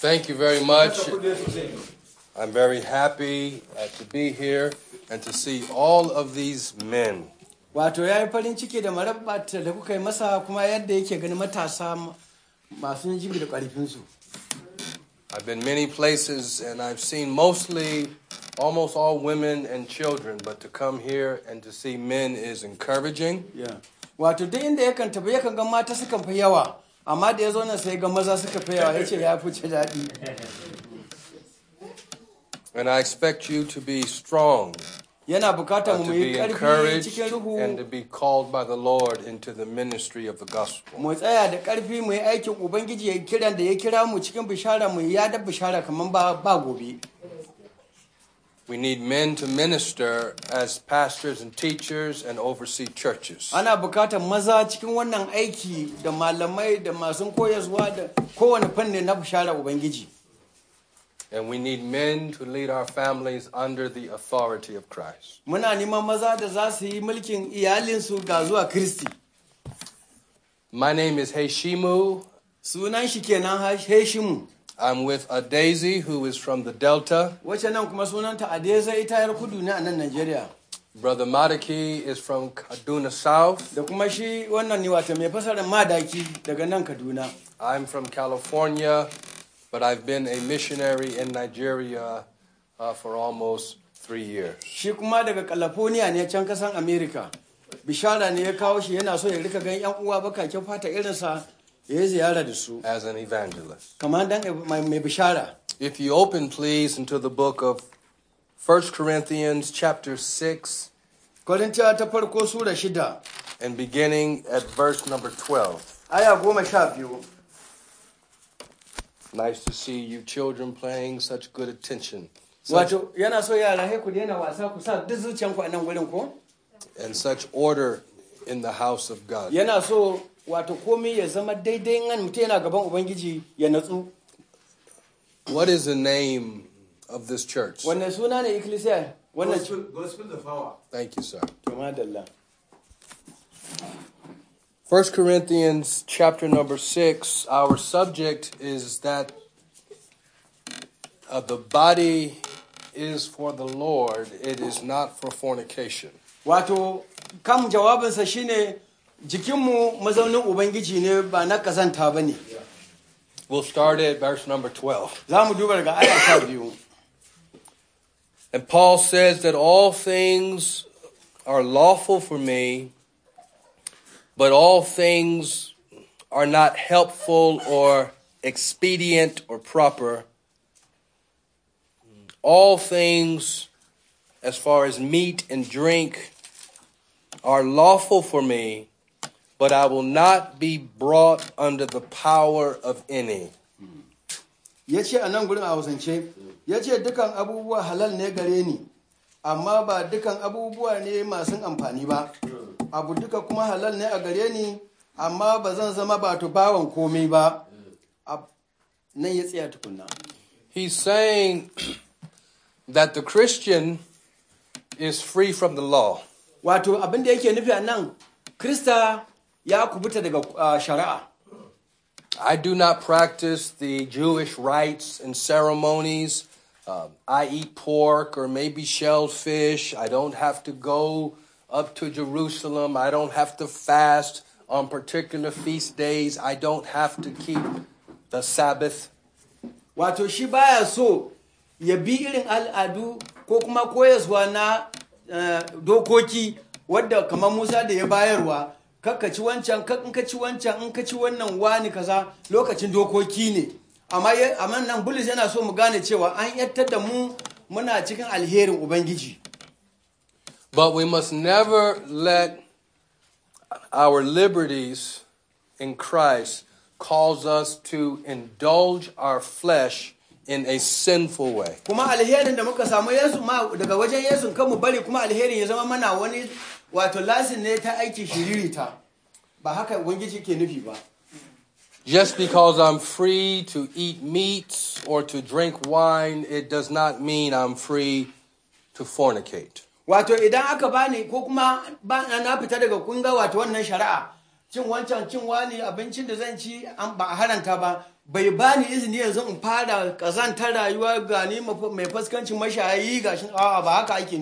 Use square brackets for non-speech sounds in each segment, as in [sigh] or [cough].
Thank you very much. I'm very happy uh, to be here and to see all of these men. Wato ya yi farin ciki da da kuka yi masa kuma yadda yake matasa masu da ƙarfinsu. I've been many places and I've seen mostly almost all women and children, but to come here and to see men is encouraging. Yeah. Wato duk inda yakan tafi yakan ga mata sukan fi yawa amma da ya zo nan sai ga maza suka ya ce ya fice daɗi And I expect you to be strong. yana bukatar mu and to be called by the Lord into the ministry of the gospel. We need men to minister as pastors and teachers and oversee churches. Ana maza cikin wannan aiki da malamai da masu koyarwa da kowane fanni na Ubangiji. And we need men to lead our families under the authority of Christ. Muna neman maza da za su yi mulkin iyalinsu ga zuwa Kristi. My name is Heshimu. Sunan shi kenan Heshimu. I'm with Adesi, who is from the Delta. Brother Madaki is from Kaduna South. Kaduna. I'm from California, but I've been a missionary in Nigeria uh, for almost three years. California America. Bishara ne ya kawo shi yana so ya rika gan 'yan uwa bakakin fata irinsa as an evangelist. Kamar If you open please into the book of 1 Corinthians chapter 6 And beginning at verse number 12. Aya goma sha you. Nice to see you children playing such good attention. Wato so a And such order in the house of God. so wato ya zama daidai mutum yana gaban ubangiji ya natsu what is the name of this church wannan suna ne wannan gospel power thank you sir to madalla 1 Corinthians chapter number 6 our subject is that uh, the body is for the Lord it is not for fornication wato kam jawabinsa shine jikinmu mazaunin ubangiji ne ba na kazanta ba ne We'll start at verse number 12. and Paul says that all things are lawful for me, but all things are not helpful or expedient or proper. All things, as far as meat and drink, are lawful for me, but I will not be brought under the power of any. a nan a dukan abubuwa halal ne gare ni, amma ba dukan abubuwa ne masu amfani ba. Abu duka kuma halal ne a gare ni, amma ba zan zama ba komai ba. Nan ya tsaya tukunna. He's saying that the Christian is free from the law. Wato abin da yake nufi a nan, Krista ya kubuta daga uh, shari'a I do not practice the Jewish rites and ceremonies. Uh, I eat pork or maybe shellfish. I don't have to go up to Jerusalem. I don't have to fast on particular feast days. I don't have to keep the Sabbath. Wato shi baya so ya bi irin al'adu ko kuma koyaswa na uh, dokoki wadda kamar Musa da ya bayarwa kakka ci wancan in ka ci wancan in ka ci wannan wani kaza lokacin dokoki ne amma amma nan bulus yana so mu gane cewa an yatta da mu muna cikin alherin ubangiji but we must never let our liberties in Christ calls us to indulge our flesh in a sinful way. Kuma alherin da muka samu Yesu ma daga wajen Yesu kan mu bari kuma alherin ya zama mana wani wato lasin ne ta aiki shiririta ba haka ubangiji ke nufi ba Just because I'm free to eat meat or to drink wine, it does not mean I'm free to fornicate. And idan aka bani ko kuma ba na fita daga kunga wato wannan shari'a cin wancan cin wani abincin da zan ci an ba haranta ba bai bani izini yanzu in fara kazantar rayuwa gani mai fuskancin mashayi gashin a'a ba haka ake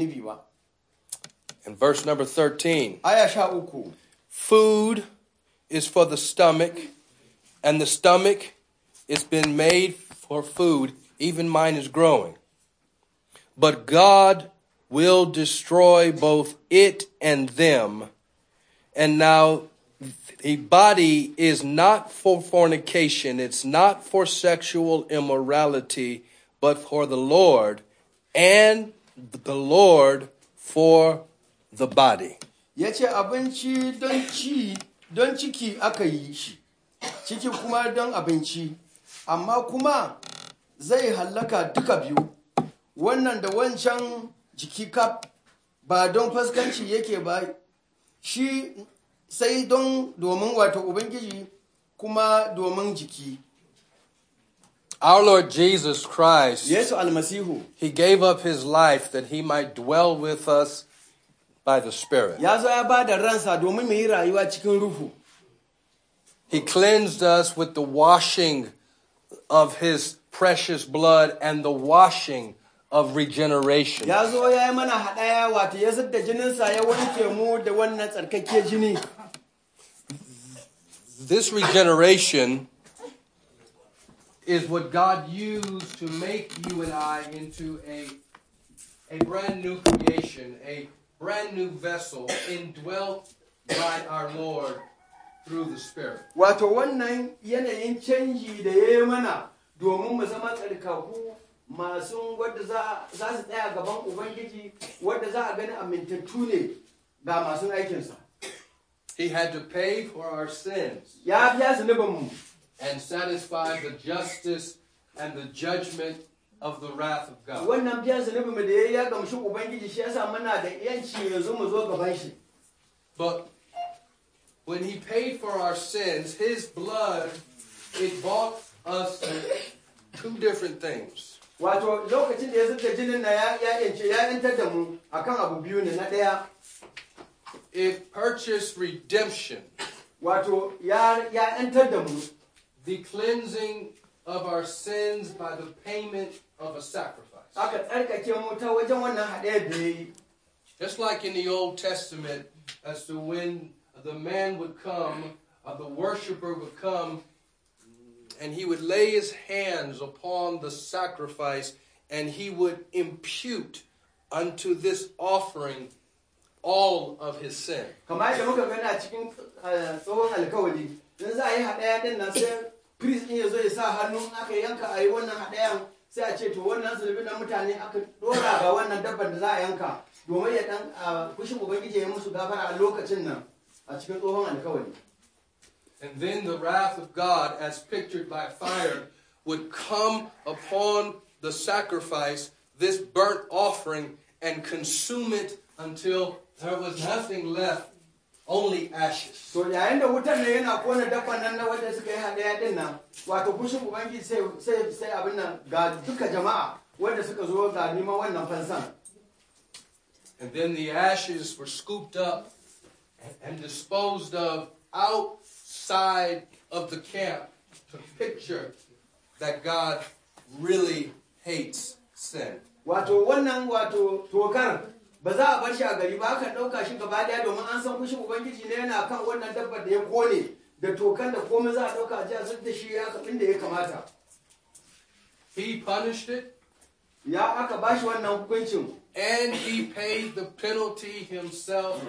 in verse number 13, food is for the stomach, and the stomach is been made for food. Even mine is growing. But God will destroy both it and them. And now the body is not for fornication, it's not for sexual immorality, but for the Lord, and the Lord for the body. Ya ce abinci don ciki aka yi shi, ciki kuma don abinci, amma kuma zai hallaka duka biyu, wannan da wancan jiki kaf ba don faskanci yake ba, shi sai don domin wato Ubangiji kuma domin jiki. Our Lord Jesus Christ, Yesu Almasihu, He gave up His life that He might dwell with us by the Spirit. He cleansed us with the washing of his precious blood and the washing of regeneration. This regeneration is what God used to make you and I into a, a brand new creation, a brand new vessel indwelt by our Lord through the Spirit. Wato wannan yanayin canji da ya yi mana domin mu zama tsarkaku masu wadda za su tsaya gaban Ubangiji wadda za a gani amintattu ne ga masu aikinsa. He had to pay for our sins. Ya biya And satisfy the justice and the judgment of the wrath of God. Wannan biyan da yayi ya gamshi Ubangiji shi yasa muna da yanzu mu zo gaban shi. But when he paid for our sins, his blood it bought us two different things. Wato lokacin da ya jinin na ya ya yantar da mu akan abu biyu ne na It purchased redemption. Wato ya ya yantar da mu. The cleansing of our sins by the payment of a sacrifice. Just like in the Old Testament, as to when the man would come, uh, the worshiper would come, and he would lay his hands upon the sacrifice, and he would impute unto this offering all of his sin. Kamar muka gani a cikin uh, tsohon alkawari, in za a yi haɗaya ɗin nan sai priest ɗin ya zo ya sa hannu aka yanka a yi wannan haɗayan sai a ce to wannan na mutane aka dora ga wannan dabban da za a yanka domin ya dan kushin ubangiji ya musu gafara a lokacin nan a cikin tsohon alkawari and then the wrath of god as pictured by fire would come upon the sacrifice this burnt offering and consume it until there was nothing left only ashes. To yayin da wutan ne yana kona dabban nan na wanda suka yi hadaya din nan, wato kushin Ubangiji sai sai sai abin nan ga duka jama'a wanda suka zo ga neman wannan fansan. And then the ashes were scooped up and disposed of outside of the camp to picture that God really hates sin. Wato wannan wato tokar ba za a bar shi a gari ba ɗauka shi gaba ɗaya domin an san ubangiji ne yana kan wannan dabbar da ya kone da tokan da komai za a ɗauka a da shi ya inda ya kamata he punished it ya aka bashi wannan hukuncin and he paid the penalty himself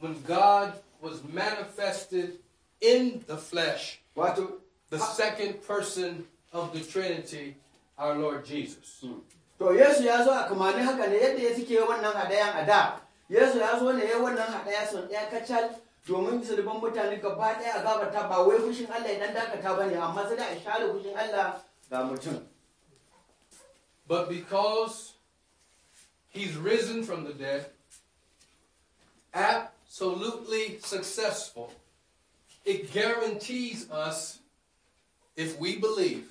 when God was manifested in the flesh wato the second person of the trinity our lord jesus hmm to Yesu ya zo a kamani haka ne yadda ya suke wannan hadayan a da Yesu ya zo ne ya wannan hadaya sun kacal domin mutane gaba a gabata ba wai fushin Allah dakata amma sai da fushin Allah ga mutum but because he's risen from the dead absolutely successful it guarantees us if we believe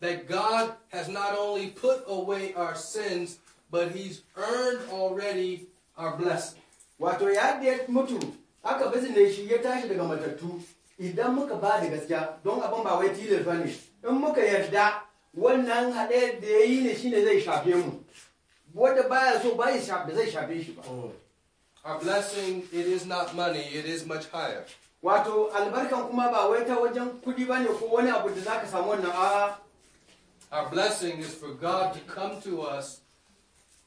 that God has not only put away our sins, but He's earned already our blessing. Wato ya mutu aka shi ya tashi daga matattu idan muka ba da gaskiya don abin ba wai ba ne in muka yarda wannan haɗe da ya yi ne zai shafe mu wanda baya so ba zai shafe shi ba. Our oh, blessing it is not money it is much higher. Wato albarkan kuma ba wai ta wajen ba ne ko wani abu da samu wannan a'a our blessing is for God to come to us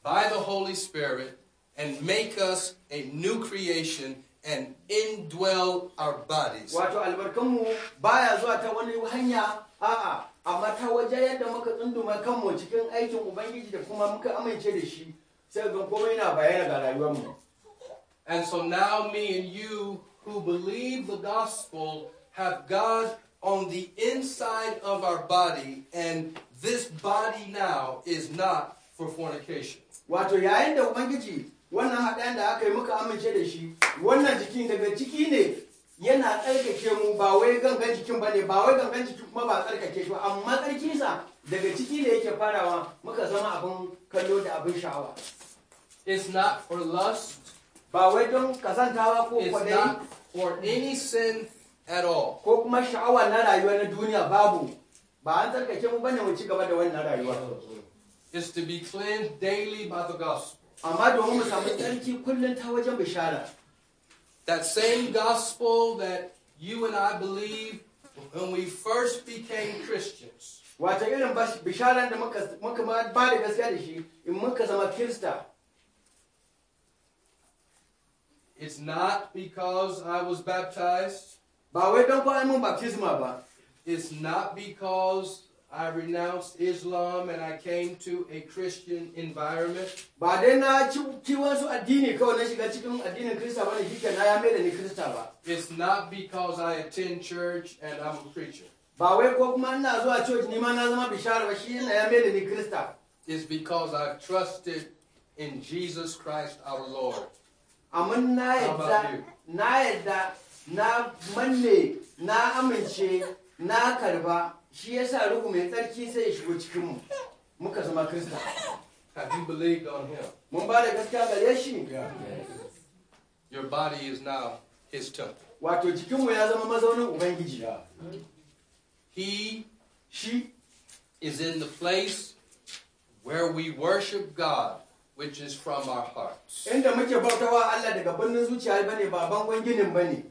by the Holy Spirit and make us a new creation and indwell our bodies. Wato albarkanmu baya zuwa ta wani hanya a'a amma ta waje yadda muka tsunduma kanmu cikin aikin Ubangiji da kuma muka amince da shi sai ga komai yana bayyana ga rayuwarmu. And so now me and you who believe the gospel have God on the inside of our body and this body now is not for fornication. Wato yayin da Ubangiji wannan haɗayen da aka yi muka amince da shi, wannan jikin daga ciki ne yana tsarkake mu ba wai gangan jikin ba ne, ba wai gangan jikin kuma ba tsarkake shi ba, amma tsarkinsa daga ciki ne yake farawa muka zama abin kallo da abin sha'awa. It's not for lust. Ba wai don kazantawa ko kwadai. It's not for any sin at all. Ko kuma sha'awa na rayuwa na duniya babu. is to be cleansed daily by the gospel amma domin mu samu tsarki kullum ta wajen bishara that same gospel that you and I believe when we first became Christians wata irin bisharan da muka muka ba da gaskiya da shi in muka zama kirista It's not because I was baptized. Ba wai don ko ai mun baptisma ba it's not because I renounced Islam and I came to a Christian environment. It's not because I attend church and I'm a preacher. It's because I've trusted in Jesus Christ our Lord. How about you? na karba shi yasa ruhu mai tsarki sai ya shigo muka zama Have you believed on him? Mun ba da gaskiya gare shi. Your body is now his temple. Wato jikinmu ya zama mazaunin Ubangiji. He she is in the place where we worship God, which is from our hearts. Inda muke bautawa Allah daga bannin zuciya bane ba bangon ginin bane.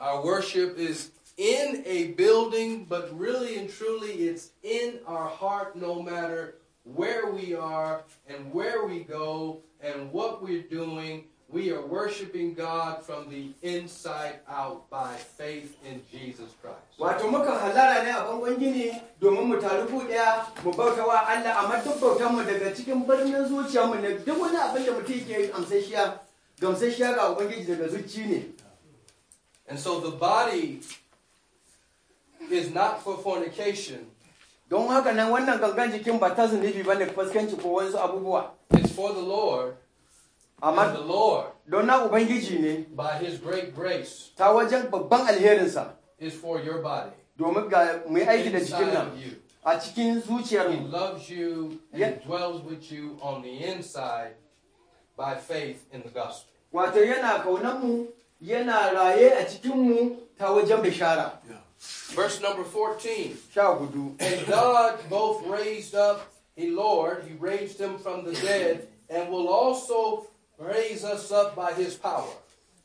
Our worship is in a building, but really and truly, it's in our heart no matter where we are and where we go and what we're doing. We are worshiping God from the inside out by faith in Jesus Christ. And so the body is not for fornication. Don haka nan wannan gangan jikin ba ta zunubi ba ne fuskanci ko Abu abubuwa. It's for the Lord. Amma the Lord. Don na Ubangiji ne. By his great grace. Ta wajen babban alherinsa. Is for your body. Domin ga mu yi aiki da jikin nan. A cikin zuciyar mu. He loves you and dwells with you on the inside by faith in the gospel. Wato yana kaunar mu yana raye a cikin mu ta wajen bishara. Yeah. Verse number 14. And God both raised up, a Lord, He raised Him from the dead, and will also raise us up by His power.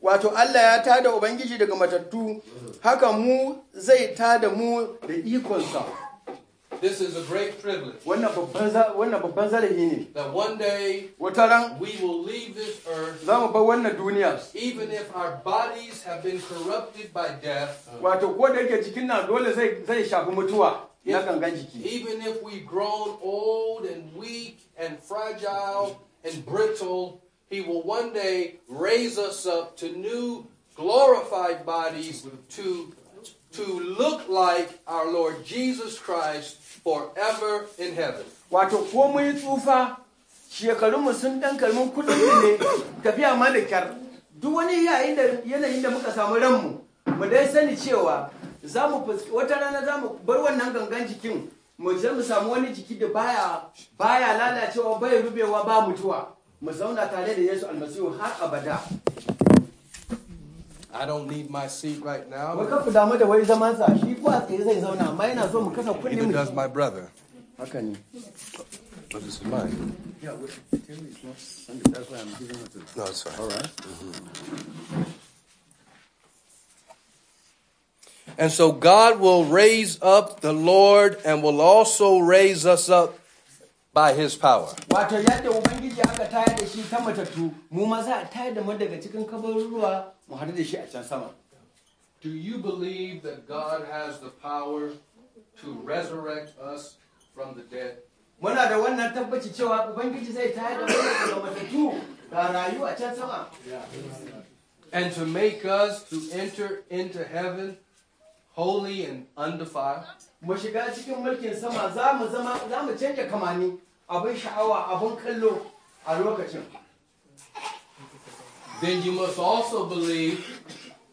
Wato Allah ya tada Ubangiji daga matattu, haka mu zai tada mu da ikonsa. This is a great privilege. That one day we will leave this earth. Even if our bodies have been corrupted by death. Even if we've grown old and weak and fragile and brittle, he will one day raise us up to new glorified bodies to to look like our Lord Jesus Christ forever in heaven. Wato ko mun tsufa shekarunmu sun ɗan kalmin kuɗin ne tafiya ma Duk wani yanayin da muka samu ranmu mu dai sani cewa za wata rana za mu bar wannan gangan jikin mu je mu samu wani jiki da baya baya lalacewa bai rubewa ba mutuwa mu zauna tare da Yesu almasihu har abada. I don't need my seat right now. Neither does my brother. Haka ne. But this is mine. Yeah, Tim not That's why I'm giving it to No, it's fine. All right. mm-hmm. And so God will raise up the Lord and will also raise us up by his power. Do you believe that God has the power to resurrect us from the dead? Muna da wannan tabbaci cewa Ubangiji zai tayar da mu daga matattu can sama. And to make us to enter into heaven holy and undefiled? Mu shiga cikin mulkin sama za mu zama za mu canja kamani abin sha'awa abin kallo a lokacin then you must also believe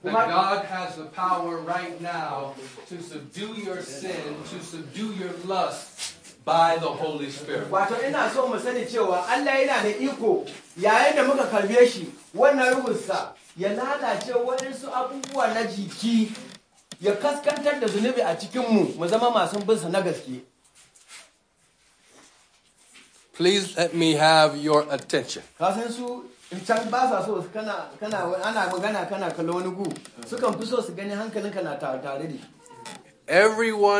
that God has the power right now to subdue your sin, to subdue your lust by the Holy Spirit. Wato ina so mu sani cewa Allah yana da iko yayin da muka karbe shi wannan ruhunsa ya lalace waɗansu abubuwa na jiki ya kaskantar da zunubi a mu zama masu na gaske. Please let me have your attention. Everyone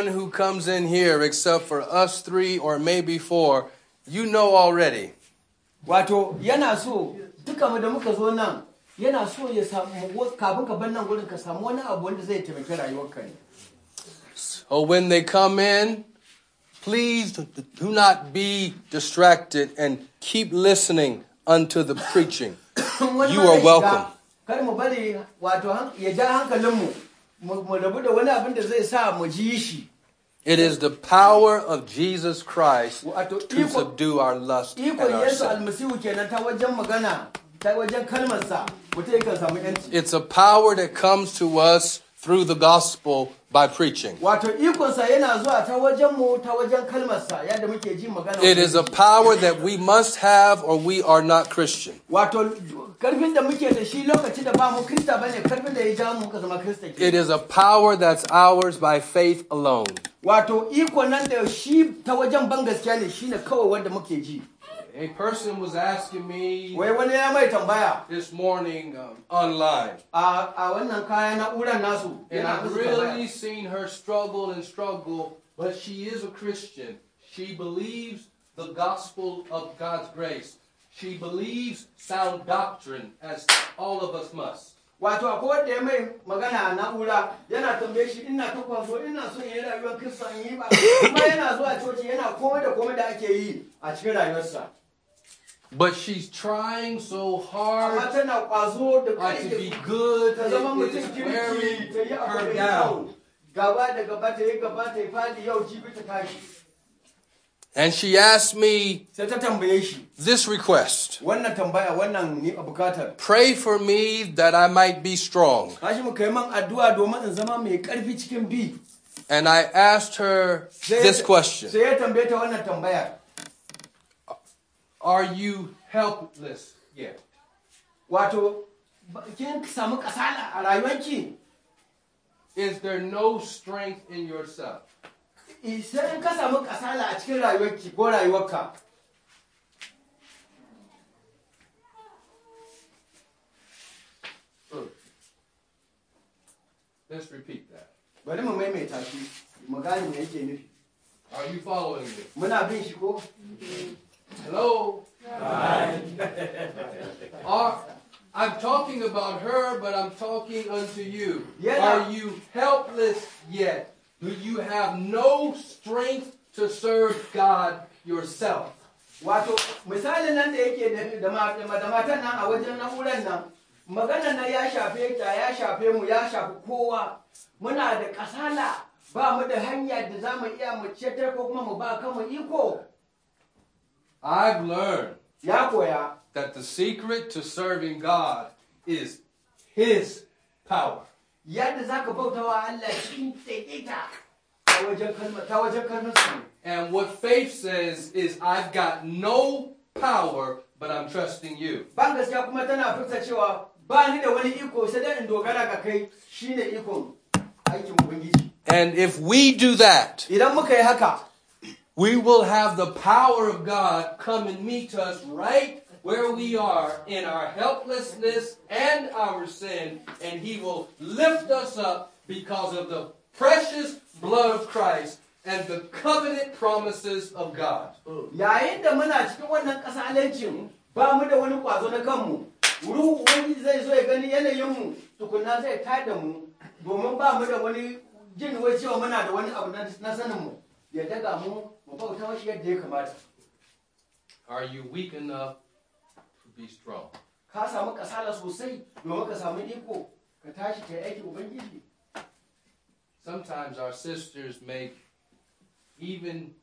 who comes in here, except for us three or maybe four, you know already. So when they come in, Please do not be distracted and keep listening unto the preaching. [coughs] you are welcome. It is the power of Jesus Christ to subdue our lust and our sin. It's a power that comes to us through the gospel by preaching. It is a power that we must have or we are not Christian. It is a power that's ours by faith alone. A person was asking me this morning um, online. A a wannan kaya na uran nasu. And I've really seen her struggle and struggle, but she is a Christian. She believes the gospel of God's grace. She believes sound doctrine, as all of us must. wato akwai wanda ya mai magana a na'ura yana tambaye shi ina ta kwaso ina son yi rayuwar kirista in yi ba kuma [laughs] yana zuwa coci yana komai da komai da ake yi a cikin rayuwarsa but she's trying so hard uh, to be good. It is wearing her down. And she asked me this request Pray for me that I might be strong. And I asked her this question are you helpless yet? Wato, kin samu kasala a Is there no strength in yourself? Sai in ka samu kasala a cikin ko rayuwarka. Mm. Let's repeat that. Bari mu maimaita shi, mu gane me yake nufi. Are you following me? Muna bin shi ko? Mm-hmm. Hello? Hi. Are, uh, I'm talking about her, but I'm talking unto you. Yeah. Are you helpless yet? Do you have no strength to serve God yourself? Wato, misalin nan da yake da matan nan a wajen na'urar nan, maganar nan ya shafe ta, ya shafe mu, ya shafi kowa. Muna da kasala, ba mu da hanya da za mu iya mu cetar ko kuma mu ba kanmu iko. I've learned that the secret to serving God is His power. And what faith says is, I've got no power, but I'm trusting you. And if we do that, we will have the power of God come and meet us right where we are in our helplessness and our sin, and He will lift us up because of the precious blood of Christ and the covenant promises of God. domin ba mu da wani jin wai cewa muna da wani abu na are you weak enough to be strong sometimes our sisters make even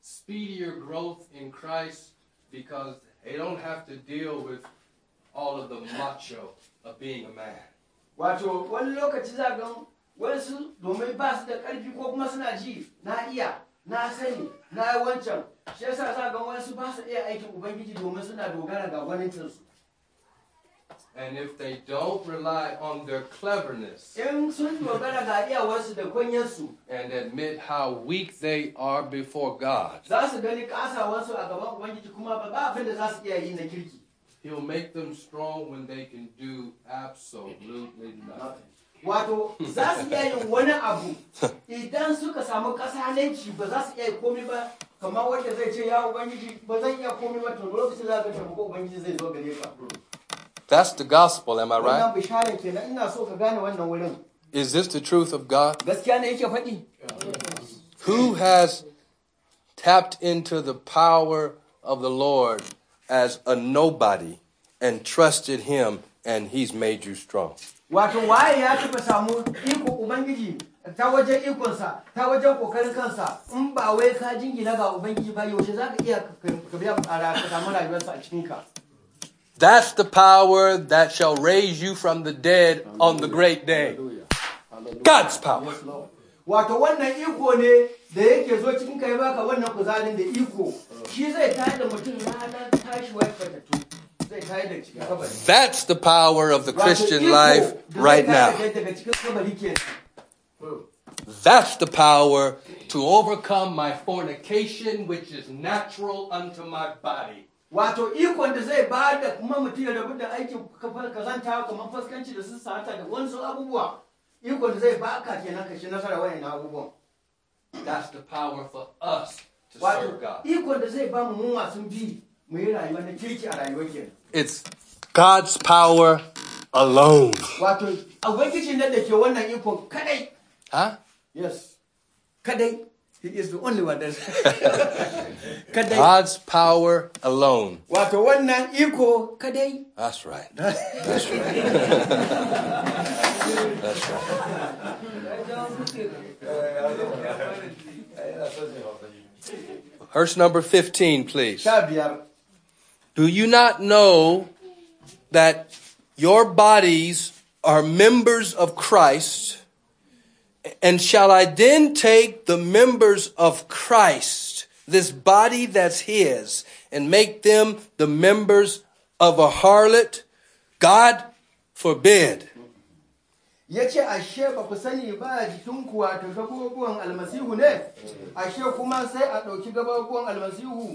speedier growth in Christ because they don't have to deal with all of the macho of being a man. Wato wani lokaci za ga wasu domin ba su da ƙarfi ko kuma suna ji na iya na sani na wancan shi yasa za ga wasu ba su iya aikin ubangiji domin suna dogara ga And if they don't rely on their cleverness and admit how weak they are before God, He'll make them strong when they can do absolutely nothing wato za su iya yin wani abu idan suka samu ba za su iya ba kamar wanda zai ce ya ubangiji ba zan iya ba to lokacin za ka ubangiji zai zo gare ka That's the gospel, am I right? Is this the truth of God? Who has tapped into the power of the Lord as a nobody and trusted Him and He's made you strong? wato waye ya samu iko ubangiji ta wajen ikonsa ta wajen kokarin kansa in ba wai ka jingina ga ubangiji ba yaushe za ka iya ka biya ka samu rayuwarsa a cikinka That's the power that shall raise you from the dead on the great day. God's power. That's the power of the Christian life right now. That's the power to overcome my fornication, which is natural unto my body. That's the power for us to serve God. It's God's power alone. Wato, Ubangiji ne da ke wannan iko kadai. Huh? Yes. Kadai. He is the only one that. [laughs] God's power alone. Wato wannan iko kadai. That's right. [laughs] That's right. That's right. Verse number 15, please. Do you not know that your bodies are members of Christ? And shall I then take the members of Christ, this body that's his, and make them the members of a harlot? God forbid. ashe ba ku sani ba jikinku wato almasihu ne ashe kuma sai a ɗauki almasihu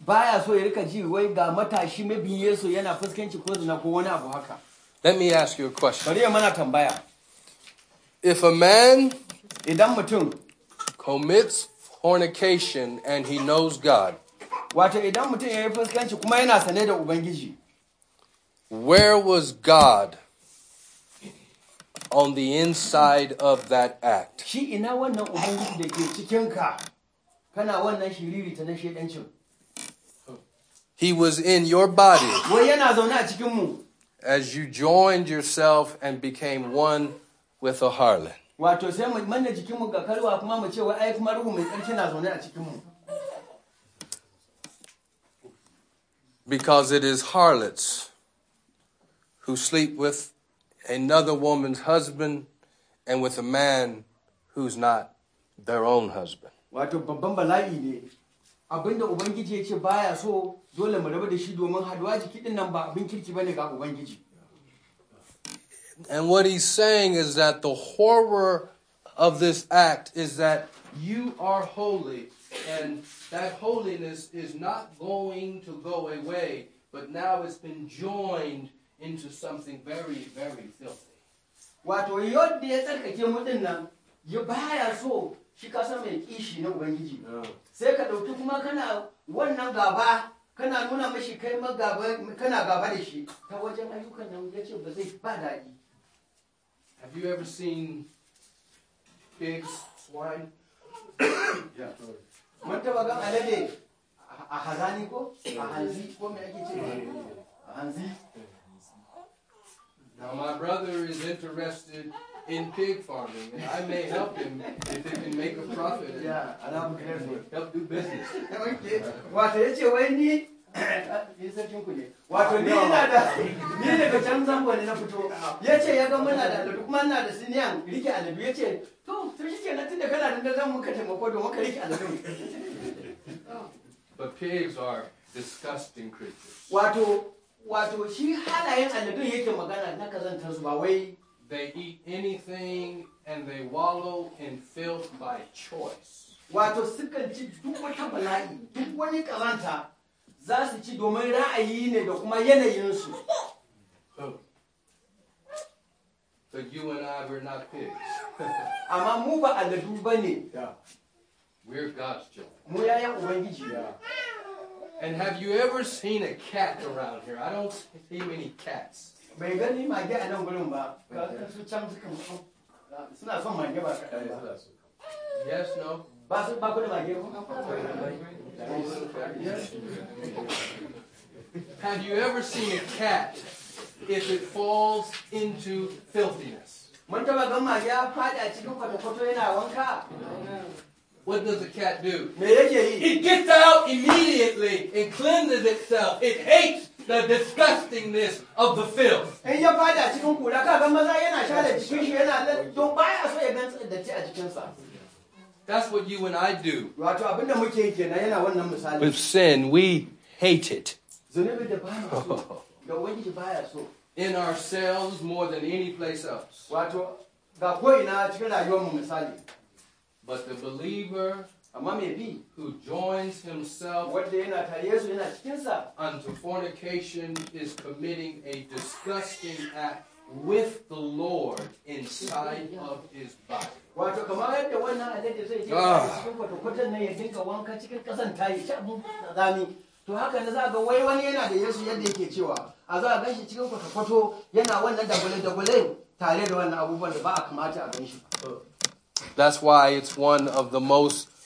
baya so ya rika ji wai ga matashi mabiyin Yesu yana fuskanci ko zina ko wani abu haka. Let me ask you a question. Bari ya mana tambaya. If a man idan mutum commits fornication and he knows God. Wato idan mutum ya yi fuskanci kuma yana sane da Ubangiji. Where was God on the inside of that act? Shi ina wannan Ubangiji da ke cikinka kana wannan shiriri ta na shedancin. He was in your body ah, as you joined yourself and became one with a harlot. Because it is harlots who sleep with another woman's husband and with a man who's not their own husband. Wato babban bala'i ne abinda Ubangiji ya ce baya so dole mu rabu da shi domin haduwa jiki din nan ba abin kirki bane ga ubangiji And what he's saying is that the horror of this act is that you are holy, and that holiness is not going to go away, but now it's been joined into something very, very filthy. Wato yadda ya tsarkake mutum nan, ya baya so shi kasa mai kishi na Ubangiji. Sai ka ɗauki kuma kana wannan gaba kana nuna kai kana gaba da shi ta wajen ayyukan nan ba zai ba daɗi Have you ever seen pigs, swine? [coughs] yeah, sorry. Mun taɓa gan alade a hazani ko? A hanzi ko me ake ce? A hanzi. Now my brother is interested in pig farming, and I may help him if he can make a profit. And yeah, and I'm Help do business. wai ni sarkin ku ne. Wato ni ina da ni daga can zango ne na fito. ce ya ga mana da aladu kuma da siniyan rike aladu ce to to shi kenan tunda kana da zan muka taimako don muka rike aladu. But pigs are disgusting creatures. Wato wato shi halayen aladun yake magana na kazantar su ba wai They eat anything and they wallow in filth by choice. Wato sukan ci duk wata bala'i, duk wani za su ci domin ra'ayi ne da kuma yanayinsu. Oh. But you and I, were not pigs. [laughs] Amma mu ba aladu ba ne. We're God's children. Mu yayan Ubangiji. And have you ever seen a cat around here? I don't see many cats bai gani mage a nan gurin ba ka su can suka suna son mage ba kaɗan ba eh, yes no ba su ba mage Have you ever seen a cat if it falls into filthiness? What does a cat do? It gets out immediately and cleanses itself. It hates the disgustingness of the filth. That's what you and I do. With sin, we hate it. [laughs] In ourselves more than any place else. But the believer who joins himself unto fornication is committing a disgusting act with the Lord inside of his body. Ah. That's why it's one of the most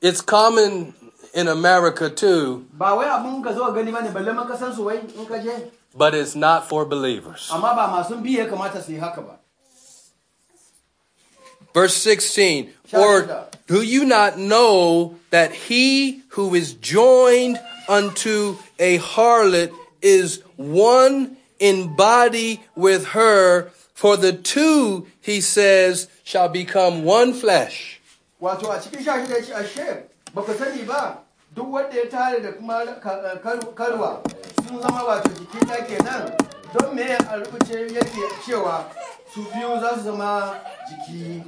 it's common in America too. But it's not for believers. Verse 16, or do you not know that he who is joined unto a harlot is one in body with her? For the two, he says, shall become one flesh wato a cikin ashe ba sani ba duk wanda ya tare da kuma eh, karwa sun zama wato kenan don me yake cewa su biyu za su zama jiki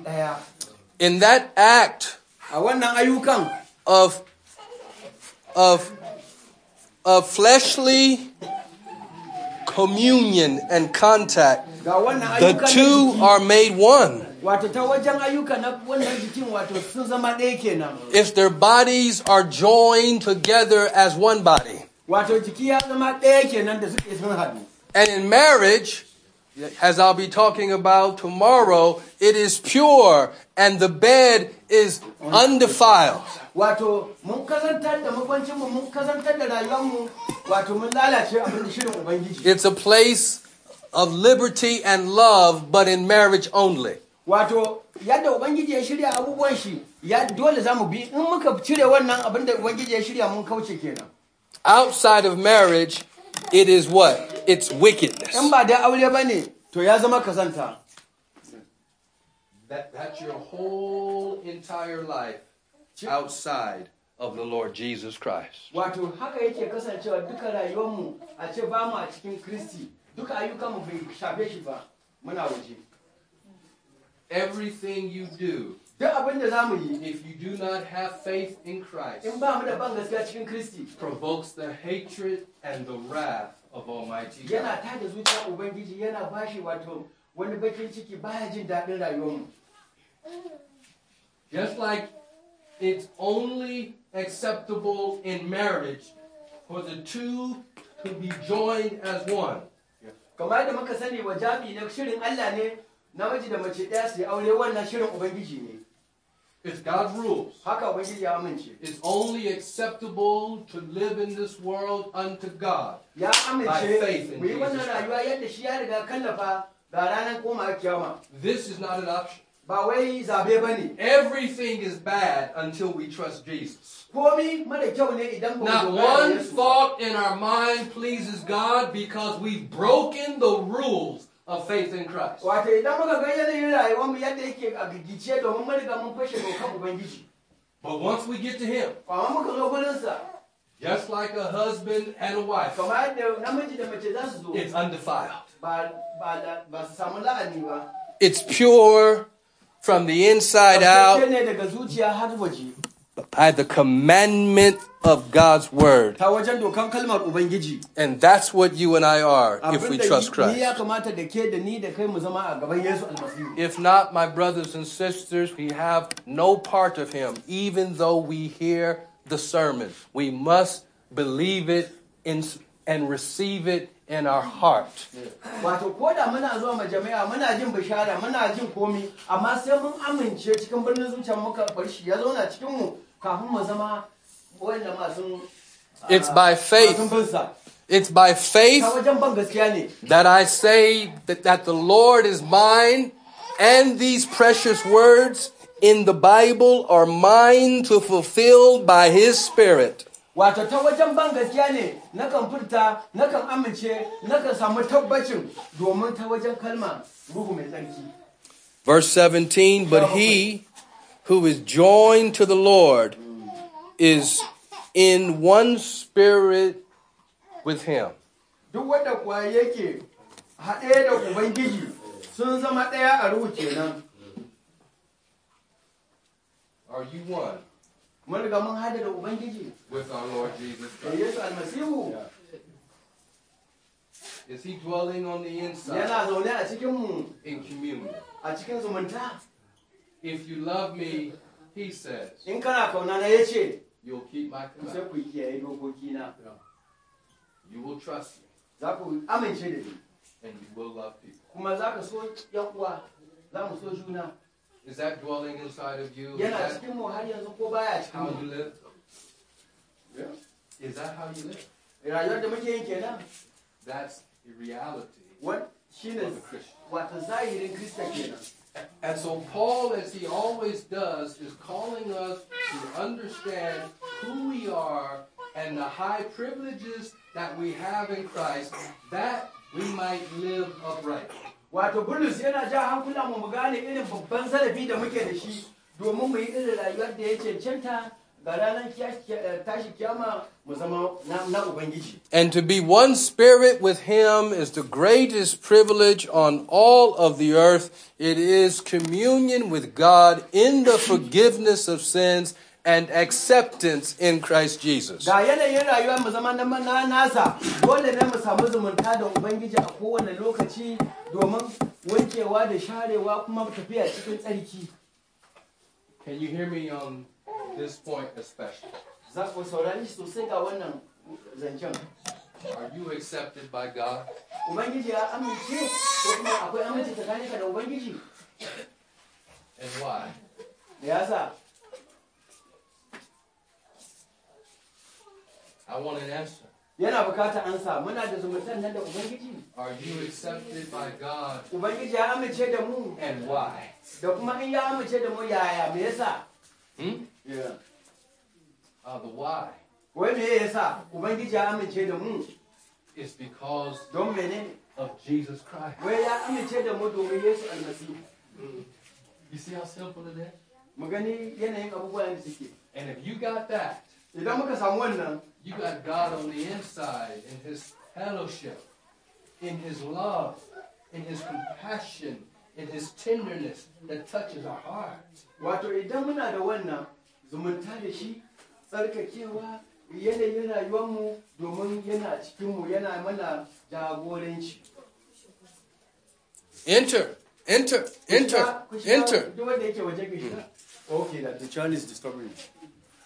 in that act a wannan ayyukan of of of fleshly communion and contact the two are made one if their bodies are joined together as one body and in marriage as I'll be talking about tomorrow, it is pure and the bed is undefiled. It's a place of liberty and love, but in marriage only wato yadda ubangiji ya shirya abubuwan shi ya dole za mu bi in muka cire wannan abin da ubangiji ya shirya mun kauce kenan outside of marriage it is what it's wickedness in ba da aure bane to ya zama kazanta that, that's your whole entire life outside of the Lord Jesus Christ. Wato haka yake kasancewa duka rayuwarmu a ce ba mu a cikin Kristi duka ayyukanmu bai shafe shi ba muna waje everything you do, if you do not have faith in Christ, provokes the hatred and the wrath of Almighty God. Just like it's only acceptable in marriage for the two to be joined as one namiji da mace ɗaya su aure wannan shirin ubangiji ne It's God's rules. It's only acceptable to live in this world unto God. By faith in Jesus This is not an option. Everything is bad until we trust Jesus. Not one thought in our mind pleases God because we've broken the rules of faith in Christ. But once we get to him, just like a husband and a wife, it's undefiled. It's pure from the inside out but by the commandment of God's word. And that's what you and I are if we trust Christ. If not, my brothers and sisters, we have no part of Him, even though we hear the sermon. We must believe it and receive it in our heart. It's by faith. It's by faith that I say that, that the Lord is mine and these precious words in the Bible are mine to fulfill by His Spirit wato ta wajen ban gaskiya ne nakan furta nakan amince nakan samu tabbacin domin ta wajen kalma ruhu mai tsarki verse 17 but he who is joined to the lord is in one spirit with him duk wanda kuwa yake haɗe da ubangiji sun zama ɗaya a ruhu kenan are you one mun riga mun hada da ubangiji our lord jesus christ yesu almasihu is he dwelling on the inside yana zaune a cikin in communion cikin zumunta if you love me he says in kana you'll keep my command you will trust me and you will love people Is that dwelling inside of you? Yeah, that's How you live? Yeah. Is that how you live? Rayuwar da muke yin kenan. That's the reality. What? Shine wato And so Paul, as he always does, is calling us to understand who we are and the high privileges that we have in Christ, that we might live upright wato yana ja hankula mu gane irin babban zarafi da muke da shi domin mu yi irin rayuwar da ya cancanta ga ranar eh, tashi mu zama na ubangiji and to be one spirit with him is the greatest privilege on all of the earth it is communion with god in the forgiveness of sins and acceptance in Christ Jesus. Can you hear me on this point especially? Are you accepted by God? And why? I want an answer. Yana bukatar ansa muna da zumuntan nan da Ubangiji. Are you accepted by God? Ubangiji ya amince da mu. And why? Da kuma in ya amince da mu yaya me yasa? Hmm? Yeah. Uh, the why. Wai me yasa Ubangiji ya amince da mu? It's because don mene? Of Jesus Christ. Wai ya amince da mu domin Yesu Almasihu. You see how simple it is? Mu gani yanayin abubuwan da suke. And if you got that, you got God on the inside in his fellowship, in his love, in his compassion, in his tenderness that touches our heart. Wato idan muna da wannan zumunta da shi tsarkakewa yanayin rayuwarmu domin yana cikinmu yana mana jagoranci. Enter, enter, enter, enter. Hmm. Okay, that the child is disturbing me.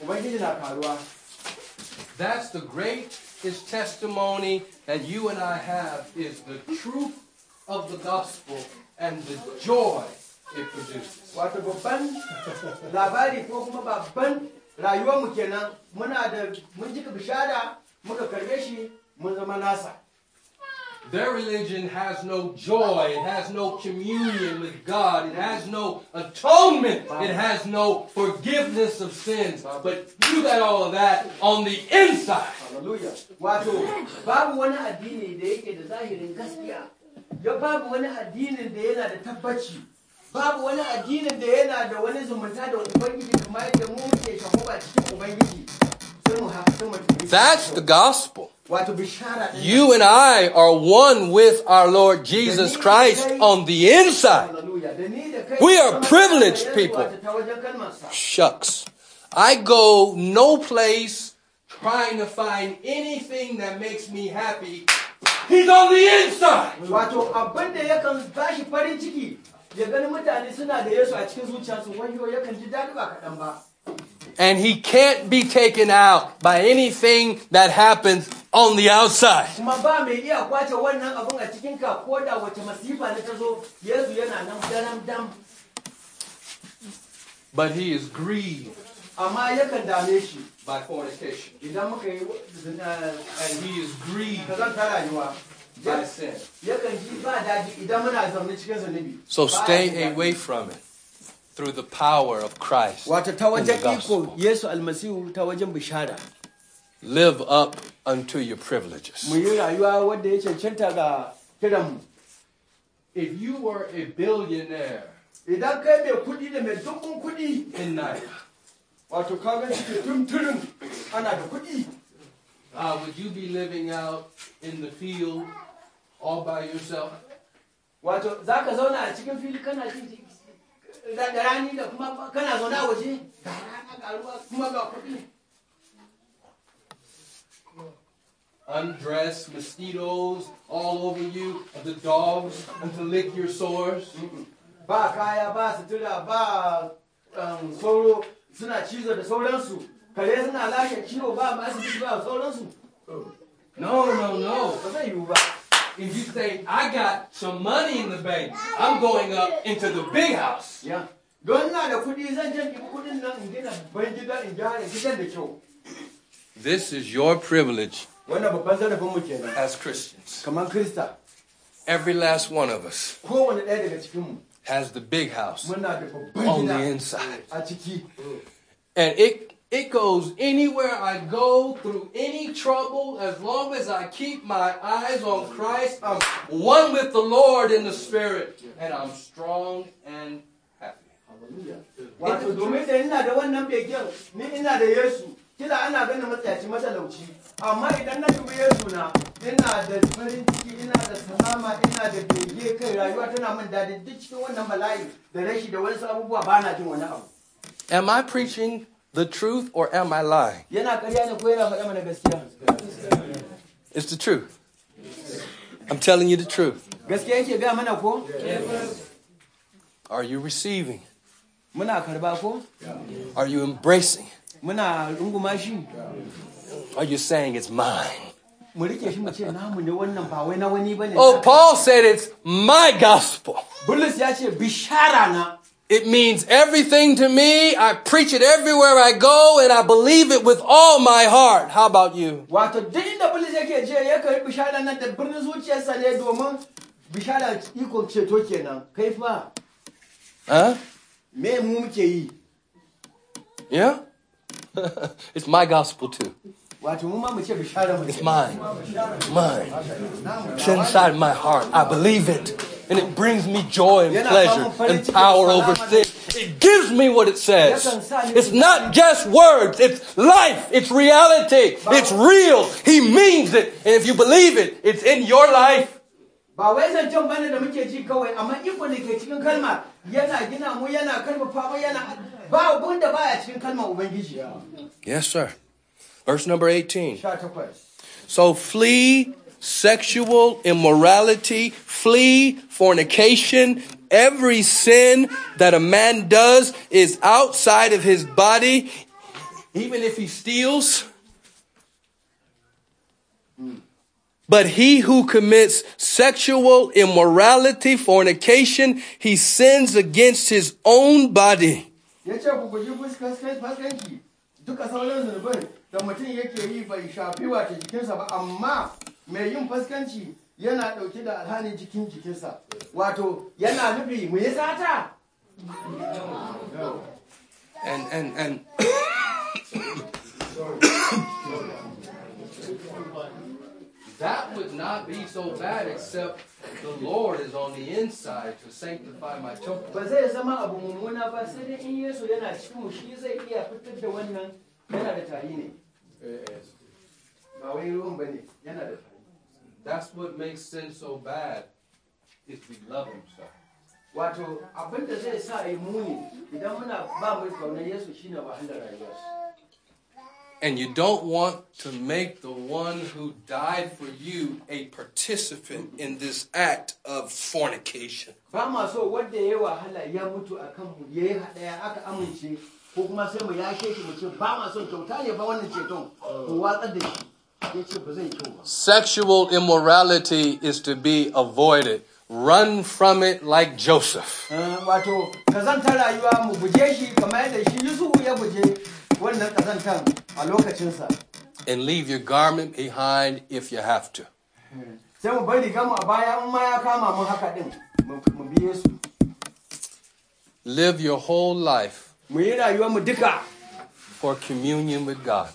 That's the greatest testimony that you and I have is the truth of the gospel and the joy it produces. Their religion has no joy. It has no communion with God. It has no atonement. It has no forgiveness of sins. But you got all of that on the inside. Hallelujah. babu wani addinin da yana da wani da wani Ubangiji kamar yadda mu cikin Ubangiji. That's the gospel. You and I are one with our Lord Jesus Christ on the inside. We are privileged people. Shucks. I go no place trying to find anything that makes me happy. He's on the inside. And he can't be taken out by anything that happens on the outside. But he is grieved by fornication. And he is grieved So stay away from it through the power of Christ. the gospel live up unto your privileges. If you were a billionaire, uh, would you be living out in the field all by yourself? Wato, undressed mosquitoes all over you, of the dogs, and to lick your sores. No, no, no. If you say, I got some money in the bank, I'm going up into the big house. Yeah. This is your privilege as Christians. Every last one of us has the big house on the inside. And it it goes anywhere I go through any trouble as long as I keep my eyes on Christ. I'm one with the Lord in the spirit and I'm strong and happy. Hallelujah kila ana ganin matsayaci matalauci amma idan na dubi yesu na ina da farin ciki ina da salama ina da bege kai rayuwa tana min daɗi duk cikin wannan bala'i da rashi da wasu abubuwa ba na jin wani abu am i preaching the truth or am i lying yana ƙarya ne ko yana faɗa mana gaskiya it's the truth i'm telling you the truth are you receiving are you embracing are you saying it's mine Oh, Paul said it's my gospel. It means everything to me. I preach it everywhere I go and I believe it with all my heart. How about you? Huh? Yeah? [laughs] it's my gospel too. It's mine. Mine. It's inside my heart. I believe it. And it brings me joy and pleasure and power over sin. It gives me what it says. It's not just words, it's life, it's reality, it's real. He means it. And if you believe it, it's in your life. ba wai zancen bane da muke ji kawai amma ke cikin kalmar yana gina mu yana karfafa mu yana yes sir verse number 18 so flee sexual immorality flee fornication every sin that a man does is outside of his body even if he steals But he who commits sexual immorality, fornication, he sins against his own body. ya ce ku guji fuskanci duka sauran zunuban da mutum yake yi bai shafi wata jikinsa ba amma mai yin fuskanci yana ɗauke da alhanin jikin jikinsa wato yana nufi mu yi sata and that would not be so bad except the Lord is on the inside to sanctify my temple. Ba zai zama abu mummuna ba sai dai in Yesu yana cikin shi zai iya That's what makes sin so bad is we love him so. Wato abin da zai sa yi muni idan muna ba mu kaunar Yesu shine and you don't want to make the one who died for you a participant in this act of fornication. Sexual immorality is to be avoided. Run from it like Joseph. Eh, and leave your garment behind if you have to. Live your whole life for communion with God.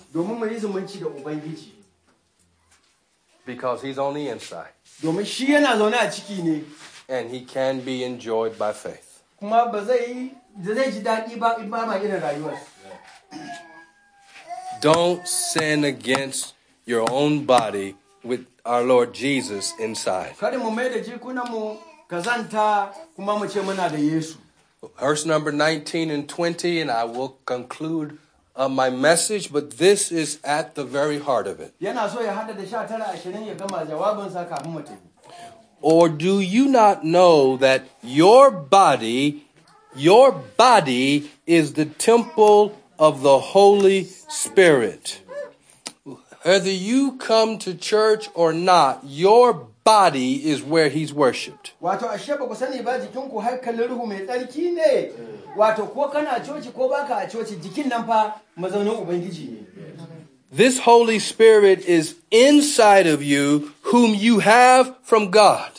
Because He's on the inside. And He can be enjoyed by faith. Don't sin against your own body with our Lord Jesus inside. Verse number 19 and 20, and I will conclude uh, my message, but this is at the very heart of it. Or do you not know that your body, your body is the temple of the Holy Spirit. Whether you come to church or not, your body is where he's worshiped. This Holy Spirit is inside of you, whom you have from God.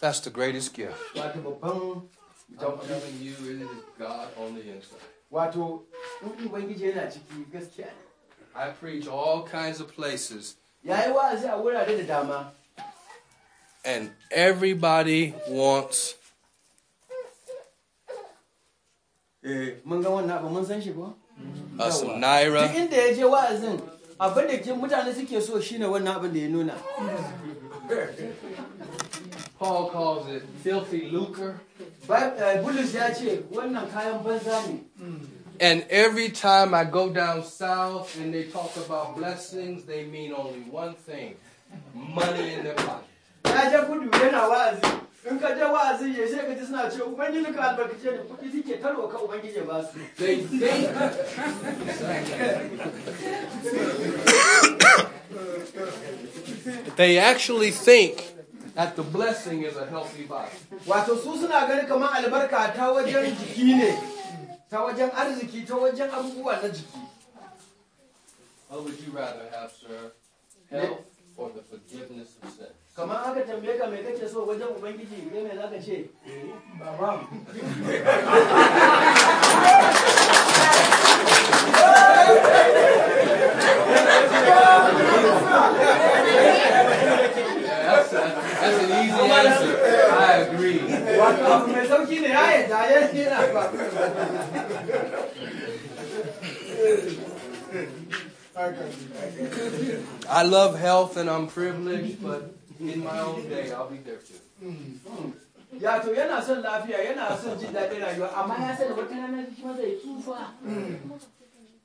That's the greatest gift. you, God on the inside. I preach all kinds of places. And everybody wants eh, a some naira. [laughs] Paul calls it filthy lucre. Uh, mm. And every time I go down south and they talk about blessings, they mean only one thing money in their pocket. They think. they actually think at the blessing is a healthy body. Wato su suna ganin kamar albarka ta wajen jiki ne, ta wajen arziki, ta wajen abubuwa na jiki. What would you rather have, sir? Health or the forgiveness of sin? Kamar aka tambaye ka me kake so wajen Ubangiji, me me zaka ce? [laughs] That's, a, that's an easy answer. I agree. I love health and I'm privileged, but in my own day, I'll be there too. ya to yana son lafiya yana son jin daɗi rayuwa amma ya sani wata ranar kuma zai tsufa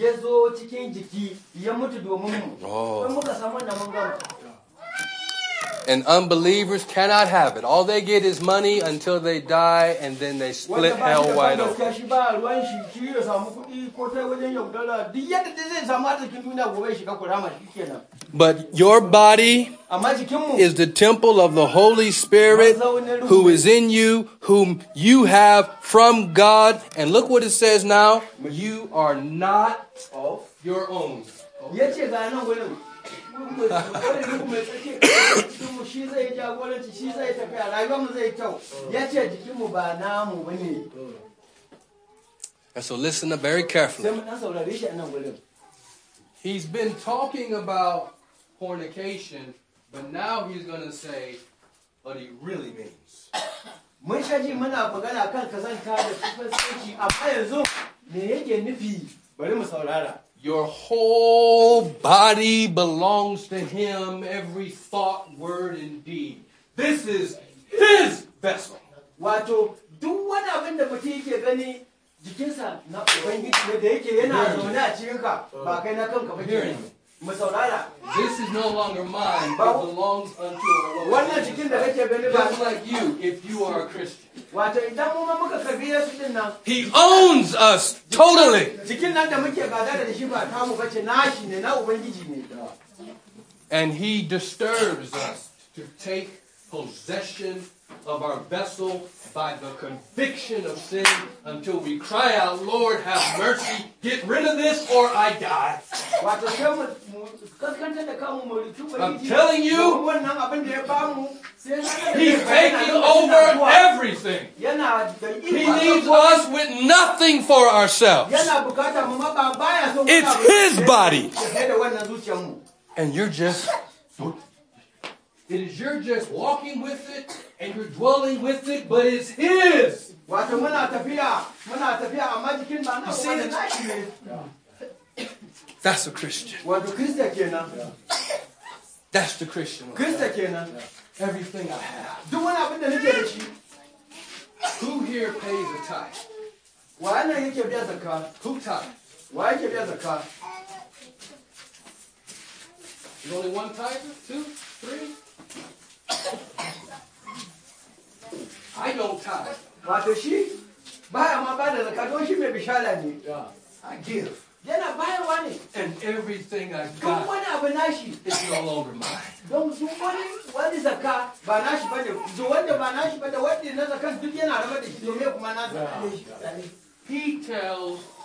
ya zo cikin jiki ya mutu domin mu Don oh. muka samu mun And unbelievers cannot have it. All they get is money until they die, and then they split hell wide open. But your body is the temple of the Holy Spirit who is in you, whom you have from God. And look what it says now you are not of your own. Okay so listen up very carefully he's been talking about fornication but now he's going to say what he really means mun shaji muna magana kan kazanta da amma yanzu me yake nufi bari mu saurara your whole body belongs to Him, every thought, word, and deed. This is His vessel. Wato, duk wani abin da mutum yake gani jikinsa na Ubangiji this is no longer mine, but belongs unto our Lord. Just like you, if you are a Christian. He owns us totally. And he disturbs us to take possession of our vessel by the conviction of sin until we cry out, Lord, have mercy, get rid of this or I die. I'm telling you, He's taking over everything. He leaves us with nothing for ourselves. It's His body. And you're just. [laughs] is you're just walking with it and you're dwelling with it, but it's His. You see that? That's a Christian. That's the Christian. Yeah. Everything I have. Who here pays a tithe? Who tithe? There's only one tithe? Two? Three? I don't tithe. Wato shi baya ma ba da zaka don shi mai bishara ne. I give. Then I buy one. And everything I got. Duk wani I nashi. It's no longer mine. Don duk wani wani zaka ba nashi ba but the one ba nashi ba da wanda na zakan duk yana you da shi domin kuma na zaka. He tells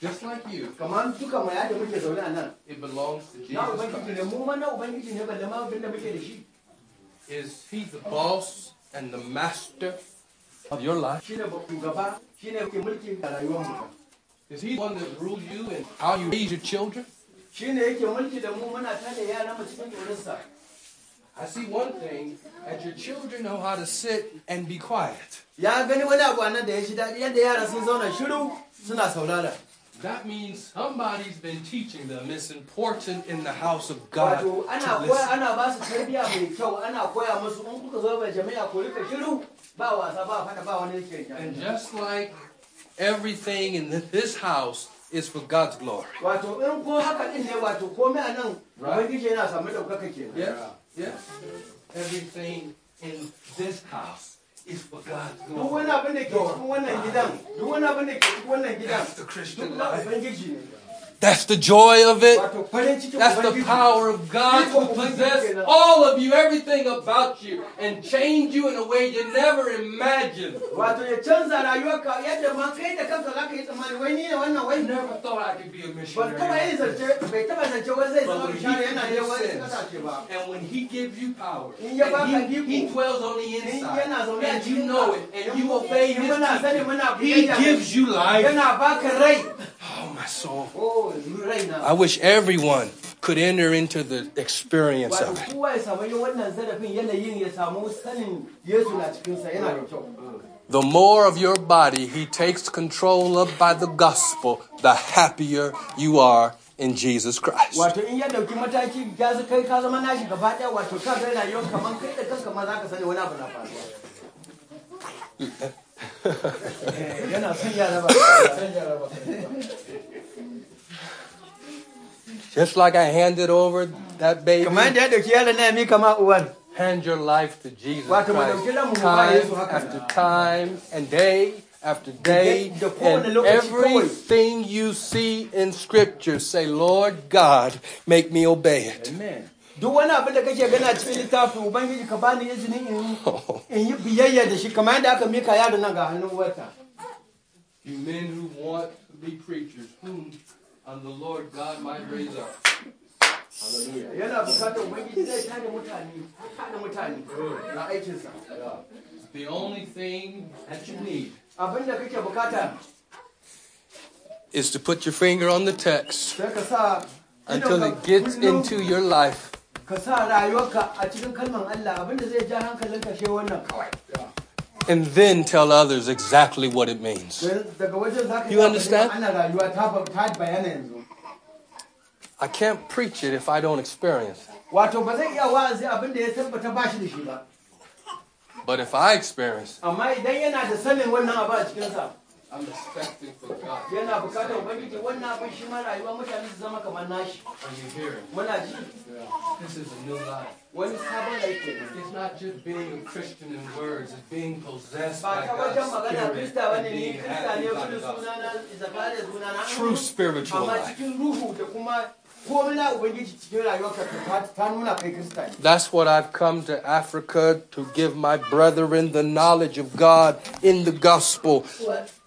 Just like you. It belongs to Jesus. Na Ubangiji ne mu ma na Ubangiji ne balle ma abin da Is he the boss and the master of your life? Ah. Ah. Is he the one that rules you and how you raise your children? I see one thing, that your children know how to sit and be quiet. That means somebody's been teaching them. It's important in the house of God. To listen. And just like everything in this house is for God's glory. Right? Yeah. Yeah. Everything in this house is for God's glory. the wani one. da ke cikin wannan gidan, duk wani abin da one, cikin wannan gidan, duk na Ubangiji ne. That's the joy of it. That's the power of God to possess all of you, everything about you, and change you in a way you never imagined. I never thought I could be a missionary. And when He gives you power, and he, he dwells on the inside, and you know it, and you obey His He gives you life. Oh, my soul. Oh, I wish everyone could enter into the experience of it. The more of your body he takes control of by the gospel, the happier you are in Jesus Christ. [laughs] Just like I handed over that baby. Hand your life to Jesus Christ. Time after time and day after day. And everything you see in Scripture, say, Lord God, make me obey it. Amen. duk wani abin da kake gana cikin littafin ubangiji ka bani izinin in yi biyayya da shi kamar yadda aka mika yaro nan ga hannun wata. You men who want to be preachers, and the Lord God might raise up. Hallelujah. The only thing that you need is to put your finger on the text until it gets into your life and then tell others exactly what it means. You understand? I can't preach it if I don't experience it. But if I experience it, yana bukatar ubangiji wannan abin shi ma rayuwa mutane su zama kamar nashi muna ji This is a new life. When it's happening like it's not just being a Christian in words, it's being possessed by God's Spirit. True spiritual life. That's what I've come to Africa to give my brethren the knowledge of God in the gospel.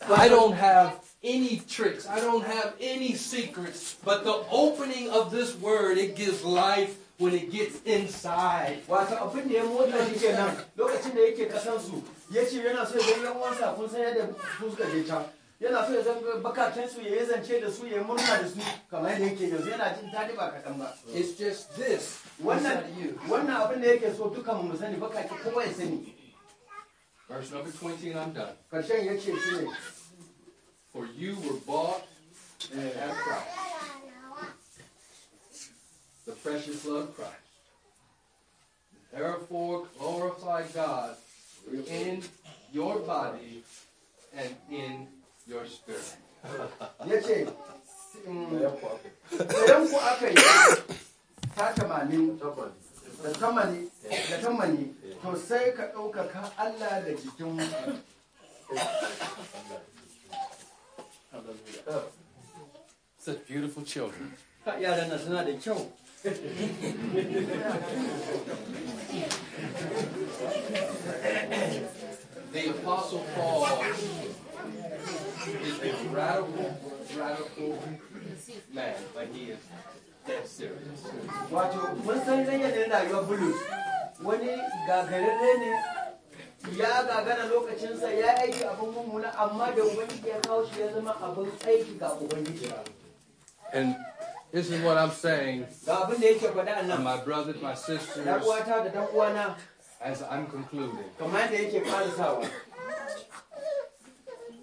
I don't have any tricks, I don't have any secrets, but the opening of this word, it gives life when it gets inside yana so ya san bakatun su ya zance da su ya murna da su kamar yadda yake yanzu yana jin daɗi ba kaɗan ba it's just this wannan wannan abin da yake so dukan mu sani kowa ya sani verse number 20 and I'm done karshen shi ne for you were bought at the precious love of Christ therefore glorify God in your body and in your spirit ya ce mm, aka yi ta tamanin da to sai ka ɗaukaka Allah da jikin Such beautiful children. suna da kyau. The Apostle Paul is a radical, radical man. Like he is dead serious. blues. ya ya aiki mummuna amma da ubangiji ya kawo shi ya zama aiki ga ubangiji. And this is what I'm saying. my brothers, my sisters, as I'm concluding.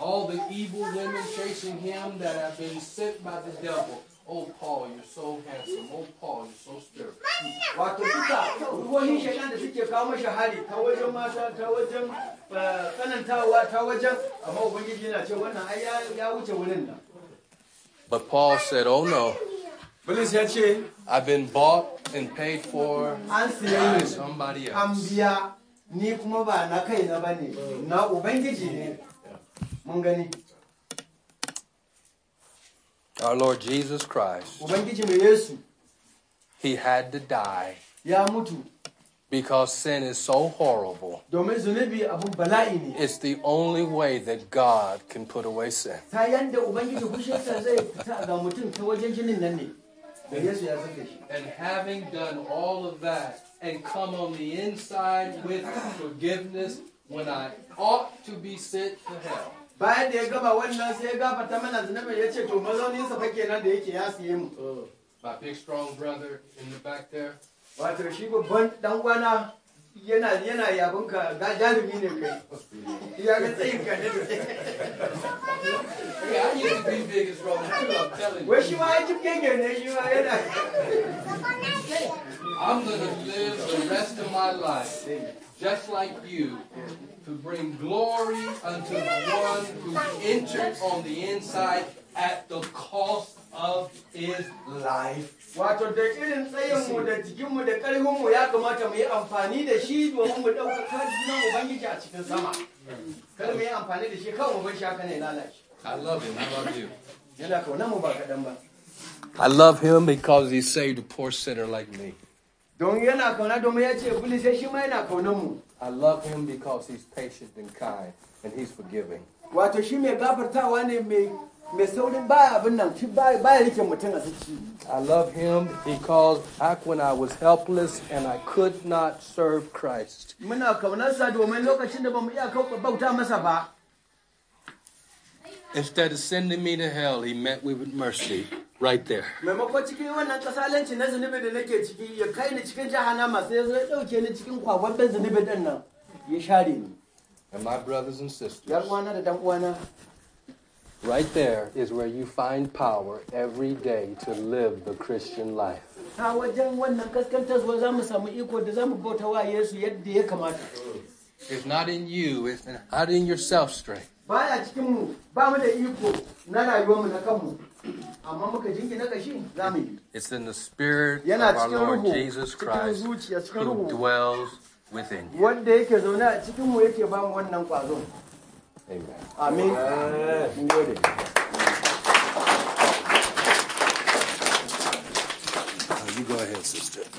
all the evil women chasing him that have been sent by the devil. Oh, Paul, you're so handsome. Oh, Paul, you're so spiritual. But Paul said, oh no. I've been bought and paid for by somebody else our lord jesus christ he had to die because sin is so horrible. It's the only way that God can put away sin. and having done all of that and come on the inside with forgiveness when I ought to be sent to hell bayan da ya wannan sai ya mana ya ce to mazaunin sa da yake ya siye mu oh, my big strong brother in the back there wato shi babban dan gwana yana yana yabon ka ga jarumi ne kai ya ga tsayin ka ne yeah, I used to be big and too, I'm telling you. Where she there, she I'm gonna live the rest of my life just like you to bring glory unto the one who entered on the inside at the cost of his life. Wato da irin tsayinmu da jikinmu da ƙarfinmu ya kamata mu yi amfani da shi domin mu ɗaukaka Ubangiji a cikin sama. Kar mu yi amfani da shi kawai mu bar shi haka ne lalace. I love him, I love you. Yana kauna mu ba kaɗan ba. I love him because he saved a poor sinner like me. Don yana kauna domin ya ce, sai shi ma yana mu." I love him because he's patient and kind and he's forgiving. I love him because back when I was helpless and I could not serve Christ. Instead of sending me to hell, he met me with mercy right there. And my brothers and sisters, right there is where you find power every day to live the Christian life. It's not in you, it's not in your self strength baya cikin mu ba mu da iko na rayuwar na kanmu amma muka jingina kashi za mu yi it's in the spirit yana of our Lord Jesus Christ who dwells within you wanda yake zaune a cikin mu yake ba mu wannan kwazo amen amen